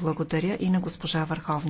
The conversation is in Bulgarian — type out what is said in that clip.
Благодаря и на госпожа Върховния.